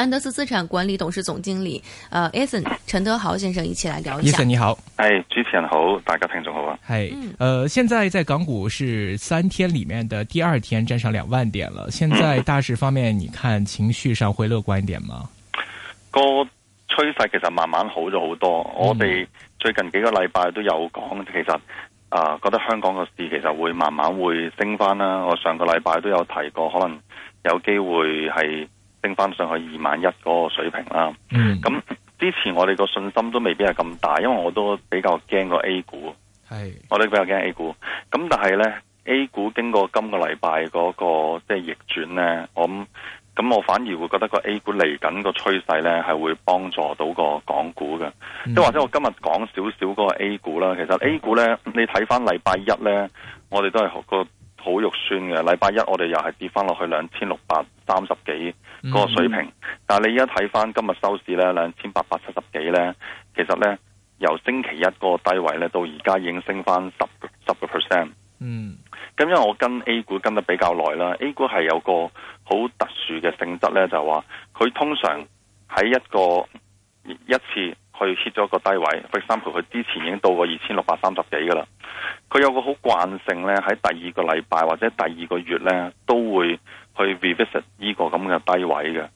安德斯資產管理董事總經理，呃，Ethan 陳德豪先生，一起來聊一下。艾、yes, Ethan 你好，係、hey, 主持人好，大家聽眾好啊。係、hey, 嗯，呃，現在在港股是三天裏面的第二天站上兩萬點了。現在大市方面，你看情緒上會樂觀一點嗎？個、嗯、趨勢其實慢慢好咗好多。我哋最近幾個禮拜都有講，其實啊、呃，覺得香港個市其實會慢慢會升翻啦。我上個禮拜都有提過，可能有機會係。升翻上去二萬一嗰個水平啦，咁、嗯、之前我哋個信心都未必係咁大，因為我都比較驚個 A 股，係，我都比較驚 A 股。咁但係呢 a 股經過今個禮拜嗰個即係、就是、逆轉呢，我咁我反而會覺得個 A 股嚟緊個趨勢呢係會幫助到個港股嘅，即、嗯、或者我今日講少少嗰個 A 股啦，其實 A 股呢，你睇翻禮拜一呢，我哋都係學過。好肉酸嘅，禮拜一我哋又係跌翻落去兩千六百三十幾個水平，嗯、但係你而家睇翻今日收市咧，兩千八百七十幾咧，其實咧由星期一嗰個低位咧到而家已經升翻十十個 percent。嗯，咁因為我跟 A 股跟得比較耐啦，A 股係有個好特殊嘅性質咧，就係話佢通常喺一個一次。去 hit 咗個低位 Facebook 佢之前已經到過二千六百三十幾㗎啦。佢有個好慣性咧，喺第二個禮拜或者第二個月咧，都會去 revisit 呢個咁嘅低位嘅。咁、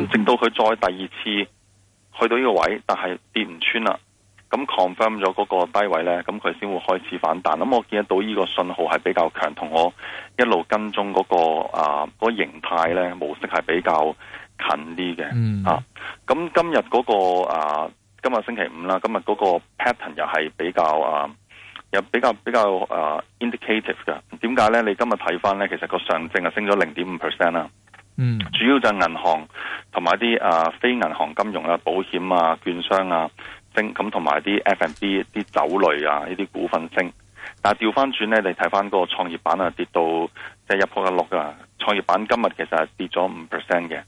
嗯、直到佢再第二次去到呢個位，但係跌唔穿啦。咁 confirm 咗嗰個低位咧，咁佢先會開始反彈。咁我見得到呢個信號係比較強，同我一路跟蹤嗰、那個啊嗰形態咧模式係比較近啲嘅、嗯。啊，咁今日嗰、那個啊～今日星期五啦，今日嗰個 pattern 又係比較啊，又比較比較啊，indicative 㗎。點解咧？你今日睇翻咧，其實個上證啊升咗零點五 percent 啦。嗯，主要就係銀行同埋啲啊非銀行金融啊、保險啊、券商啊升，咁同埋啲 F＆B 啲酒類啊呢啲股份升。但係調翻轉咧，你睇翻嗰個創業板啊，跌到即係一仆一碌㗎。就是創業板今日其實係跌咗五 percent 嘅，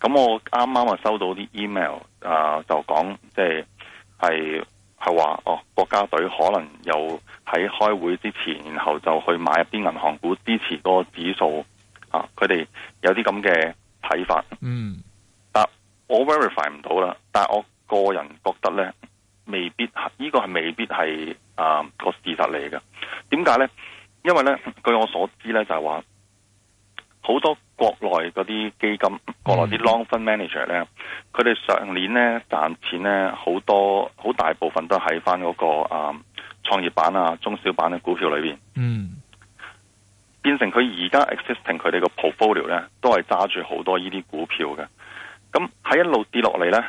咁我啱啱啊收到啲 email 啊、呃，就講即係係係話哦，國家隊可能又喺開會之前，然後就去買一啲銀行股支持個指數啊，佢、呃、哋有啲咁嘅睇法。嗯，但我 verify 唔到啦，但係我個人覺得咧，未必係呢、呢個係未必係啊個事實嚟嘅。點解咧？因為咧，據我所知咧，就係、係、話。好多國內嗰啲基金，國內啲 long fund manager 咧，佢哋上年咧賺錢咧好多，好大部分都喺翻嗰個啊創業板啊中小板嘅股票裏邊。嗯，變成佢而家 existing 佢哋個 portfolio 咧，都係揸住好多呢啲股票嘅。咁喺一路跌落嚟咧，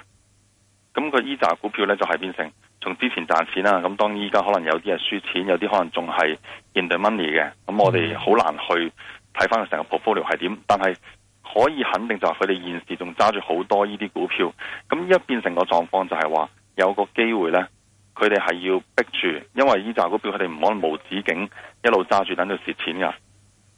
咁佢依紮股票咧就係變成從之前賺錢啦，咁當而家可能有啲係輸錢，有啲可能仲係 in the money 嘅。咁我哋好難去。嗯睇翻佢成個 portfolio 係點，但係可以肯定就係佢哋現時仲揸住好多呢啲股票，咁一變成個狀況就係話有個機會呢，佢哋係要逼住，因為依紮股票佢哋唔可能無止境一路揸住等到蝕錢㗎，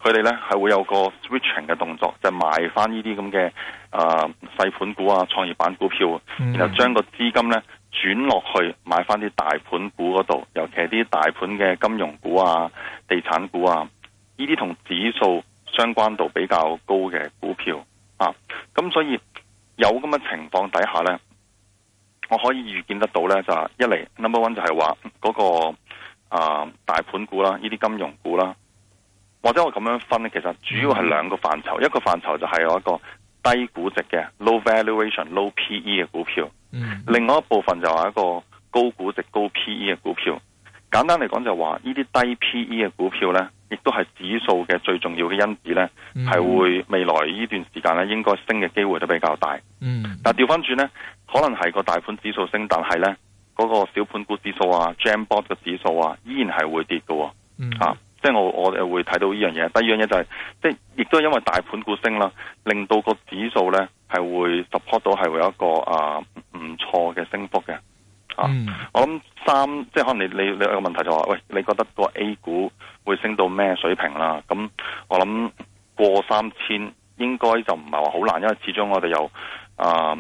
佢哋呢係會有個 switching 嘅動作，就賣翻呢啲咁嘅誒細盤股啊、創業板股票，嗯、然後將個資金呢轉落去買翻啲大盤股嗰度，尤其係啲大盤嘅金融股啊、地產股啊。呢啲同指數相關度比較高嘅股票啊，咁所以有咁嘅情況底下咧，我可以預見得到咧，就係、是、一嚟 number one 就係話嗰個啊大盤股啦，呢啲金融股啦，或者我咁樣分呢，其實主要係兩個範疇、嗯，一個範疇就係有一個低估值嘅 low valuation low P E 嘅股票、嗯，另外一部分就係一個高估值高 P E 嘅股票。簡單嚟講就話，呢啲低 PE 嘅股票呢，亦都係指數嘅最重要嘅因子呢係、mm-hmm. 會未來呢段時間呢應該升嘅機會都比較大。嗯、mm-hmm.，但係調翻轉可能係個大盤指數升，但係呢嗰、那個小盤股指數啊、GEM board 嘅指數啊，依然係會跌㗎喎、啊。即、mm-hmm. 係、啊就是、我我會睇到呢樣嘢。第二樣嘢就係、是，即係亦都因為大盤股升啦，令到個指數呢係會 support 到係會有一個啊唔錯嘅升幅嘅。啊、嗯！我諗三，即係可能你你你有個問題就話、是，喂，你覺得個 A 股會升到咩水平啦？咁我諗過三千應該就唔係話好難，因為始終我哋由啊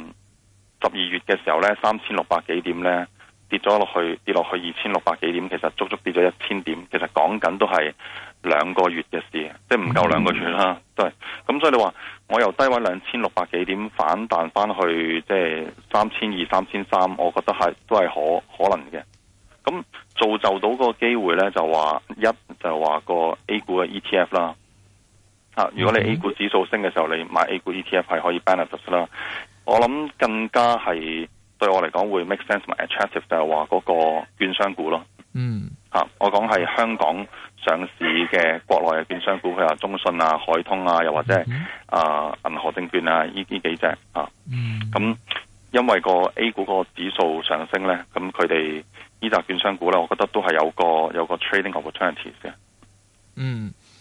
十二月嘅時候呢，三千六百幾點呢跌咗落去，跌落去二千六百幾點，其實足足跌咗一千點，其實講緊都係。兩個月嘅事，即係唔夠兩個月啦，okay. 對，咁、嗯、所以你話我由低位兩千六百幾點反彈翻去，即係三千二、三千三，我覺得係都係可可能嘅。咁、嗯、造就到個機會呢，就話一就係話個 A 股嘅 ETF 啦。Mm-hmm. 如果你 A 股指數升嘅時候，你買 A 股 ETF 係可以 benefit 啦。我諗更加係對我嚟講會 make sense 同埋 attractive，就係話嗰個券商股咯。嗯、mm-hmm.。啊、我講係香港上市嘅國內嘅券商股，譬如話中信啊、海通啊，又或者係、mm-hmm. 啊銀河證券啊，呢啲幾隻啊。咁、mm-hmm. 嗯、因為個 A 股個指數上升咧，咁佢哋依紮券商股咧，我覺得都係有個有個 trading opportunities 嘅。嗯、mm-hmm.。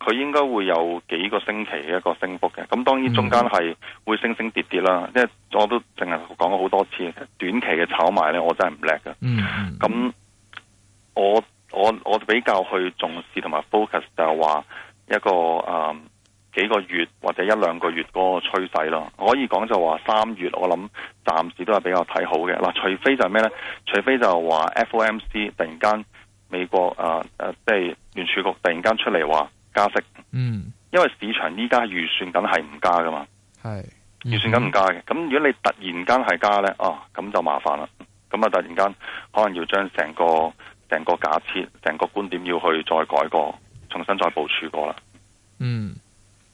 佢應該會有幾個星期嘅一個升幅嘅，咁當然中間係會升升跌跌啦。因為我都淨係講過好多次，短期嘅炒賣咧、mm-hmm.，我真係唔叻嘅。咁我我我比較去重視同埋 focus 就係話一個啊、嗯、幾個月或者一兩個月嗰個趨勢咯。可以講就話三月我諗暫時都係比較睇好嘅。嗱，除非就係咩呢？除非就係話 FOMC 突然間美國啊、呃、即係聯儲局突然間出嚟話，加息，嗯，因為市場依家預算緊係唔加噶嘛，係預算緊唔加嘅。咁、嗯、如果你突然間係加咧，哦，咁就麻煩啦。咁就突然間可能要將成個成個假設、成個觀點要去再改過，重新再部署過啦。嗯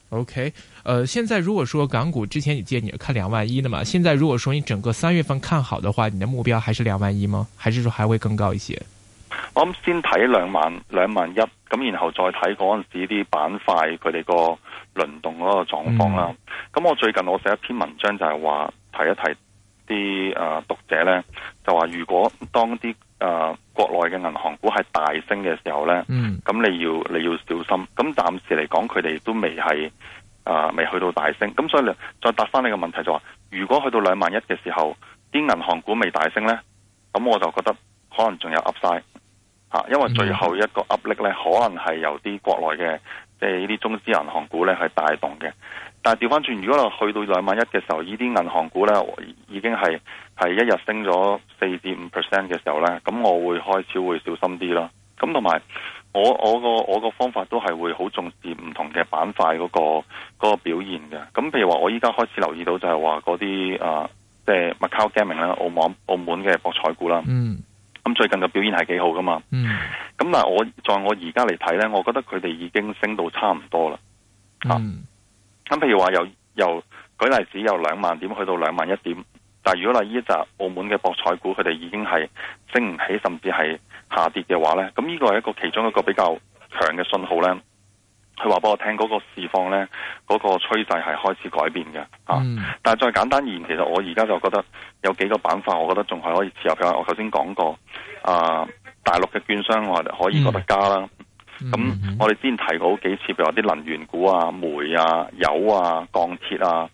，OK，誒、呃，現在如果說港股之前你建議看兩萬一的嘛，現在如果說你整個三月份看好的話，你的目標還是兩萬一嗎？還是說還會更高一些？我諗先睇兩萬兩萬一，咁然後再睇嗰陣時啲板塊佢哋個輪動嗰個狀況啦。咁、嗯、我最近我寫一篇文章就係話提一提啲誒讀者呢，就話如果當啲誒、呃、國內嘅銀行股係大升嘅時候呢，咁、嗯、你要你要小心。咁暫時嚟講佢哋都未係誒、呃、未去到大升，咁所以再答翻你個問題就話，是，如果去到兩萬一嘅時候，啲銀行股未大升呢，咁我就覺得可能仲有 Upside。啊，因為最後一個壓力咧，可能係由啲國內嘅，即係呢啲中資銀行股咧係帶動嘅。但係調翻轉，如果我去到兩萬一嘅時候，呢啲銀行股咧已經係係一日升咗四點五 percent 嘅時候咧，咁我會開始會小心啲啦。咁同埋，我我個我個方法都係會好重視唔同嘅板塊嗰個嗰個表現嘅。咁譬如話，我依家開始留意到就係話嗰啲啊，即係 Macau Gaming 啦，澳網澳門嘅博彩股啦。嗯。咁最近嘅表現係幾好㗎嘛？咁、嗯、嗱，但我，我在我而家嚟睇咧，我覺得佢哋已經升到差唔多啦。咁、啊嗯、譬如話，由由舉例子，由兩萬點去到兩萬一點，但係如果呢一集澳門嘅博彩股，佢哋已經係升唔起，甚至係下跌嘅話咧，咁呢個係一個其中一個比較強嘅信號咧。佢話俾我聽，嗰、那個釋放呢，嗰、那個趨勢係開始改變嘅、嗯啊、但係再簡單而言，其實我而家就覺得有幾個板塊，我覺得仲係可以持有嘅。譬如我頭先講過啊，大陸嘅券商我可以覺得加啦。咁、嗯啊、我哋之前提過好幾次，譬如話啲能源股啊、煤啊、油啊、鋼鐵啊，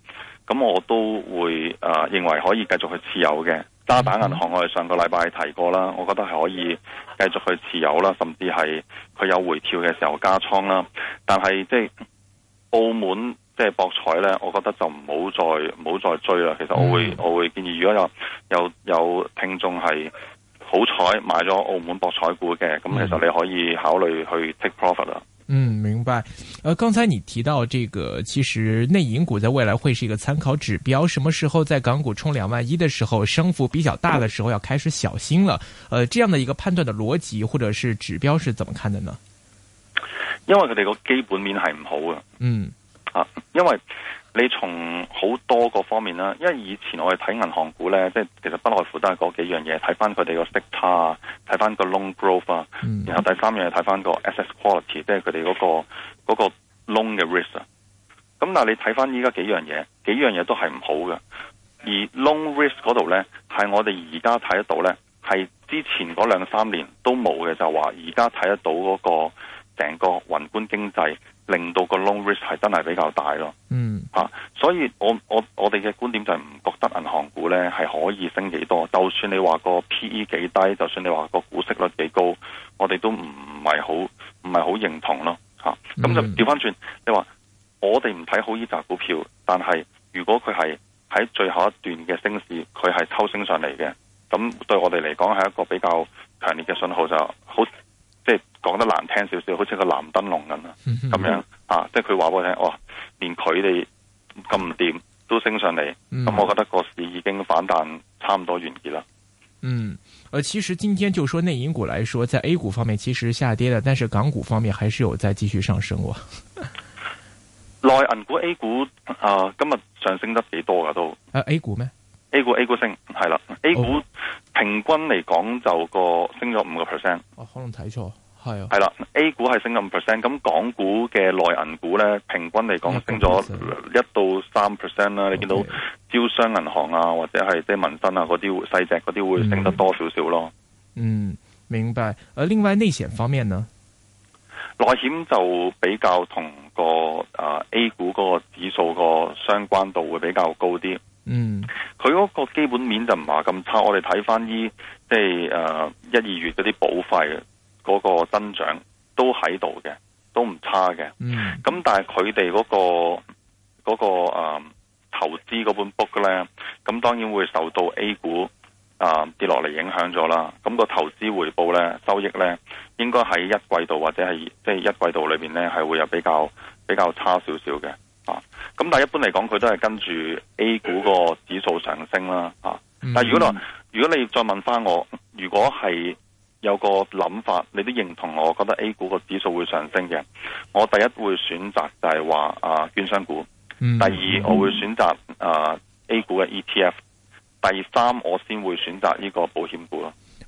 咁我都會、啊、認為可以繼續去持有嘅。渣打銀行，我哋上個禮拜提過啦，我覺得係可以繼續去持有啦，甚至係佢有回調嘅時候加倉啦。但係即係澳門即係博彩呢，我覺得就唔好再唔好再追啦。其實我會我會建議，如果有有有聽眾係好彩買咗澳門博彩股嘅，咁其實你可以考慮去 take profit 啦。嗯，明白。呃，剛才你提到這個，其實內銀股在未來會是一個參考指標。什麼時候在港股衝兩萬一的時候，升幅比較大的時候，要開始小心了。呃，這樣的一個判斷的邏輯或者是指標是怎麼看的呢？因為佢哋個基本面係唔好嘅。嗯啊，因為。你從好多個方面啦，因為以前我哋睇銀行股咧，即係其實不外乎都係嗰幾樣嘢，睇翻佢哋個息差，睇翻個 loan growth，嗯、然後第三樣嘢，睇翻個 asset quality，即係佢哋嗰個嗰、嗰個 loan 嘅 risk 啊。咁但係你睇翻依家幾樣嘢，幾樣嘢都係唔好嘅。而 loan risk 嗰度咧，係我哋而家睇得到咧，係之前嗰兩三年都冇嘅，就話而家睇得到嗰、嗰個。成個宏觀經濟令到個 long risk 係真係比較大咯，嗯吓、啊，所以我我我哋嘅觀點就係唔覺得銀行股呢係可以升幾多，就算你話個 PE 幾低，就算你話個股息率幾高，我哋都唔係好唔係好認同咯吓。咁、啊嗯嗯、就調翻轉，你話我哋唔睇好呢紮股票，但係如果佢係喺最後一段嘅升市，佢係抽升上嚟嘅，咁對我哋嚟講係一個比較強烈嘅信號就好。即係講得難聽少少，好似個藍燈籠咁啦，咁樣、嗯、啊！即係佢話俾我聽，哇，連佢哋咁掂都升上嚟，咁、嗯、我覺得個市已經反彈差唔多完結啦。嗯，誒，其實今天就說內銀股來說，在 A 股方面其實下跌的，但是港股方面還是有再繼續上升喎、啊。內 銀股 A 股啊、呃，今日上升得幾多噶都？誒、啊、，A 股咩？A 股 A 股升係啦，A 股平均嚟講就個升咗五個 percent。哦，可能睇錯係啊。係啦，A 股係升咗五 percent，咁港股嘅內銀股咧，平均嚟講升咗一到三 percent 啦。Okay、你見到招商銀行啊，或者係啲民生啊嗰啲細隻嗰啲會升得多少少咯，嗯。嗯，明白。而另外內險方面呢？內險就比較同個誒、呃、A 股嗰個指數個相關度會比較高啲。嗯，佢嗰個基本面就唔話咁差，我哋睇翻依即係誒一二月嗰啲保費嗰、嗰個增長都喺度嘅，都唔差嘅。嗯，咁但係佢哋嗰個嗰、嗰個誒、uh, 投資嗰本 book 咧，咁當然會受到 A 股啊、uh, 跌落嚟影響咗啦。咁、個投資回報咧、收益咧，應該喺一季度或者係即係一季度裏邊咧，係會有比較比較差少少嘅。咁但係一般嚟講，佢都係跟住 A 股個指數上升啦，啊，但係如果話，如果你再問翻我，如果係有個諗法，你都認同，我覺得 A 股個指數會上升嘅，我第一會選擇就係話啊券商股，第二我會選擇啊 A 股嘅 ETF，第三我先會選擇呢個保險股咯。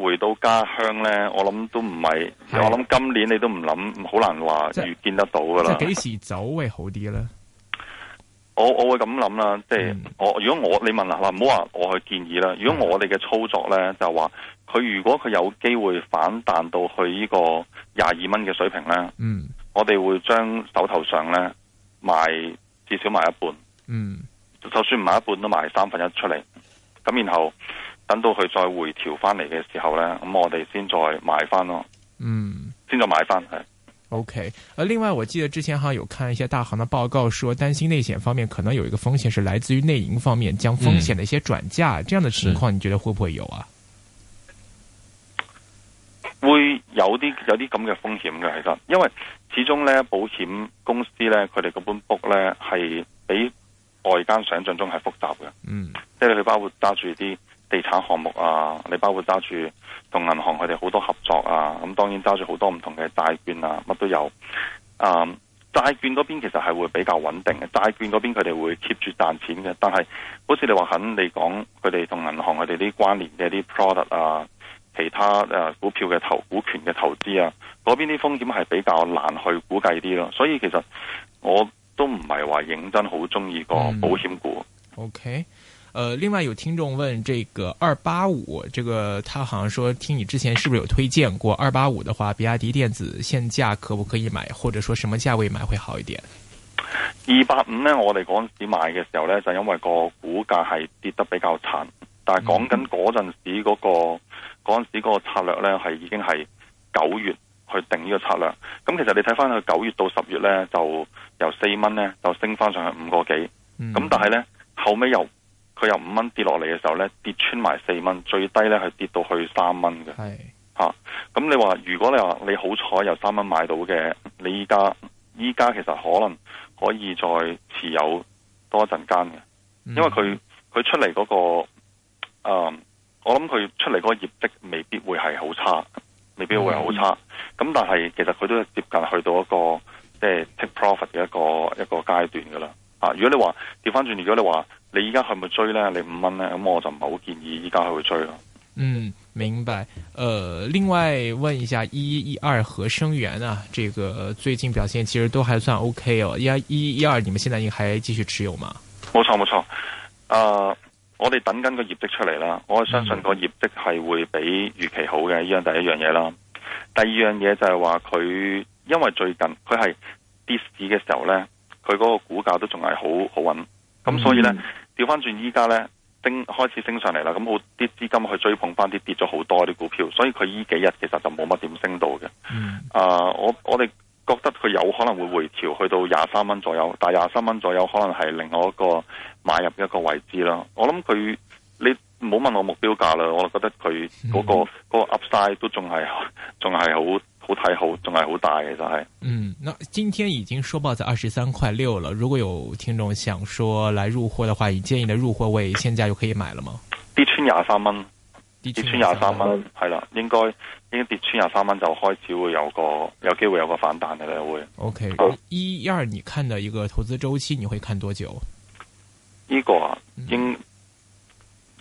回到家鄉呢，我諗都唔係，我諗今年你都唔諗，好難話遇見得到噶啦。即係幾時走會好啲呢？我我會咁諗啦，即係、嗯、我如果我你問啦，唔好話我去建議啦。如果我哋嘅操作呢，嗯、就話佢如果佢有機會反彈到去呢個廿二蚊嘅水平呢，嗯、我哋會將手頭上呢賣至少賣一半，嗯，就算唔賣一半都賣三分一出嚟，咁然後。等到佢再回調翻嚟嘅時候呢，咁我哋先再買翻咯。嗯，先再買翻係。OK。Okay. 另外我記得之前哈有看一些大行嘅報告說，說擔心內險方面可能有一個風險，是來自於內營方面將風險嘅一些轉嫁，嗯、這樣嘅情況，你覺得會不會有啊？會有啲有啲咁嘅風險嘅，其實因為始終呢保險公司呢，佢哋個 book 呢係比外間想象中係複雜嘅。嗯，即係你包括揸住啲。地產項目啊，你包括揸住同銀行佢哋好多合作啊，咁當然揸住好多唔同嘅債券啊，乜都有。啊、嗯，債券嗰邊其實係會比較穩定嘅，債券嗰邊佢哋會 keep 住賺錢嘅。但係好似你話肯你講，佢哋同銀行佢哋啲關聯嘅啲 product 啊，其他誒股票嘅投股權嘅投資啊，嗰邊啲風險係比較難去估計啲咯。所以其實我都唔係話認真好中意個保險股。嗯、OK。Okay. 呃、另外有聽眾問，這個二八五，這個他好像說聽你之前是不是有推薦過二八五的話，比亞迪電子現價可不可以買，或者說什麼價位買會好一點？二八五呢，我哋嗰陣時買嘅時候呢，就因為個股價係跌得比較慘，但係講緊嗰陣時嗰、嗰個陣、嗯、時嗰個策略呢，係已經係九月去定呢個策略。咁其實你睇翻佢九月到十月呢，就由四蚊呢，就升翻上去五個幾，咁、嗯、但係呢，後尾又。佢由五蚊跌落嚟嘅時候呢，跌穿埋四蚊，最低呢係跌到去三蚊嘅。係吓咁，你話如果你話你好彩由三蚊買到嘅，你依家依家其實可能可以再持有多一陣間嘅，因為佢佢出嚟嗰個誒，我諗佢出嚟嗰個業績未必會係好差，未必會係好差。咁、嗯、但係其實佢都係接近去到一個即係 take profit 嘅一個一個階段噶啦吓，如果你話調翻轉，如果你話。你依家係咪追咧？你五蚊咧？咁我就唔係好建議依家去追咯。嗯，明白。呃，另外問一下，一一一二合生元啊，這個最近表現其實都還算 OK 哦。一二一一二，你們現在應該還繼續持有嗎？冇錯冇錯。啊、呃，我哋等緊個業績出嚟啦。我相信個業績係會比預期好嘅。依、嗯、樣第一樣嘢啦。第二樣嘢就係話佢因為最近佢係跌市嘅時候咧，佢嗰個股價都仲係好好穩。咁所以咧。嗯調翻轉依家呢升開始升上嚟啦，咁好啲資金去追捧翻啲跌咗好多啲股票，所以佢依幾日其實就冇乜點升到嘅。啊、嗯 uh,，我我哋覺得佢有可能會回調去到廿三蚊左右，但廿三蚊左右可能係另外一個買入一個位置啦，我諗佢你。唔好問我目標價啦，我覺得佢嗰、那個、嗯，這個這個 upside 都仲係仲係好好睇好，仲係好大嘅就係、是。嗯，那今天已經收報在二十三塊六了。如果有聽眾想說來入貨嘅話，你建議的入貨位現價就可以買了嗎？跌穿廿三蚊，跌穿廿三蚊係啦，應該應該跌穿廿三蚊就開始會有個有機會有個反彈嘅咧會。OK，咁依樣你看到一個投資週期，你會看多久？呢、這個、啊、應。嗯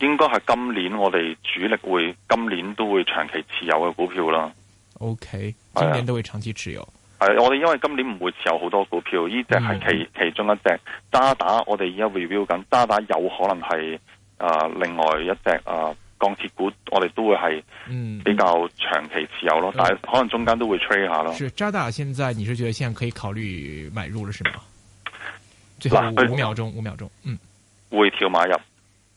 應該係今年我哋主力會，今年都會長期持有嘅股票啦。O、okay, K，今年都會長期持有。係，我哋因為今年唔會持有好多股票，呢隻係其、嗯、其中一隻渣打我。我哋而家 review 緊渣打，有可能係啊、呃、另外一隻啊、呃、鋼鐵股，我哋都會係比較長期持有咯、嗯。但係可能中間都會吹下咯。渣打，現在你是覺得現在可以考慮買入了，是嗎？最後五秒鐘，五秒鐘，嗯，回調買入。